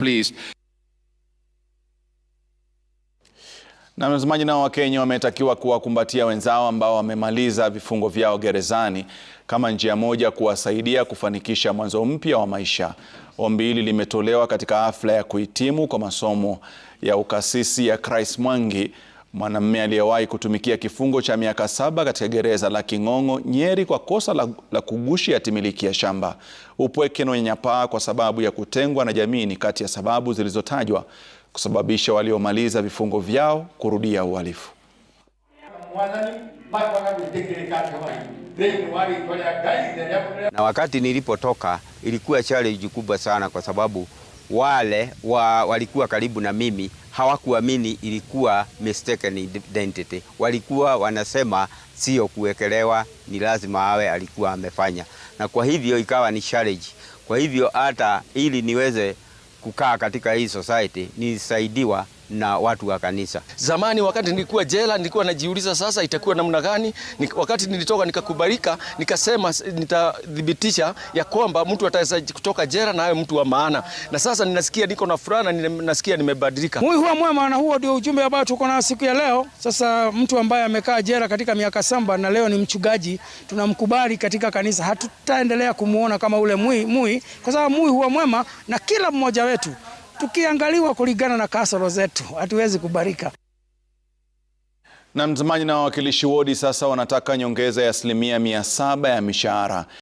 please. Na mtazamaji, nao Wakenya wametakiwa kuwakumbatia wenzao ambao wamemaliza vifungo vyao gerezani kama njia moja kuwasaidia kufanikisha mwanzo mpya wa maisha. Ombi hili limetolewa katika hafla ya kuhitimu kwa masomo ya ukasisi ya Christ Mwangi Mwanamume aliyewahi kutumikia kifungo cha miaka saba katika gereza la King'ong'o, Nyeri kwa kosa la, la kugushi hati ya shamba. Upweke na unyanyapaa kwa sababu ya kutengwa na jamii ni kati ya sababu zilizotajwa kusababisha waliomaliza vifungo vyao kurudia uhalifu. Na wakati nilipotoka ilikuwa challenge kubwa sana, kwa sababu wale wa, walikuwa karibu na mimi hawakuamini ilikuwa mistaken identity. Walikuwa wanasema sio kuwekelewa, ni lazima awe alikuwa amefanya, na kwa hivyo ikawa ni challenge. Kwa hivyo hata ili niweze kukaa katika hii society nilisaidiwa na watu wa kanisa. Zamani wakati nilikuwa jela, nilikuwa najiuliza sasa itakuwa namna gani? Wakati nilitoka nikakubalika, nikasema nitathibitisha ya kwamba mtu ataweza kutoka jela na awe mtu wa maana, na sasa ninasikia niko na furaha na nasikia nimebadilika. Mui huwa mwema, na huo ndio ujumbe ambao tuko na siku ya leo. Sasa mtu ambaye amekaa jela katika miaka samba na leo ni mchungaji, tunamkubali katika kanisa. Hatutaendelea kumuona kama ule mui mui, kwa sababu mui huwa mwema na kila mmoja wetu tukiangaliwa kulingana na kasoro zetu hatuwezi kubarika. Na mtazamaji na wawakilishi wodi sasa wanataka nyongeza ya asilimia mia saba ya mishahara.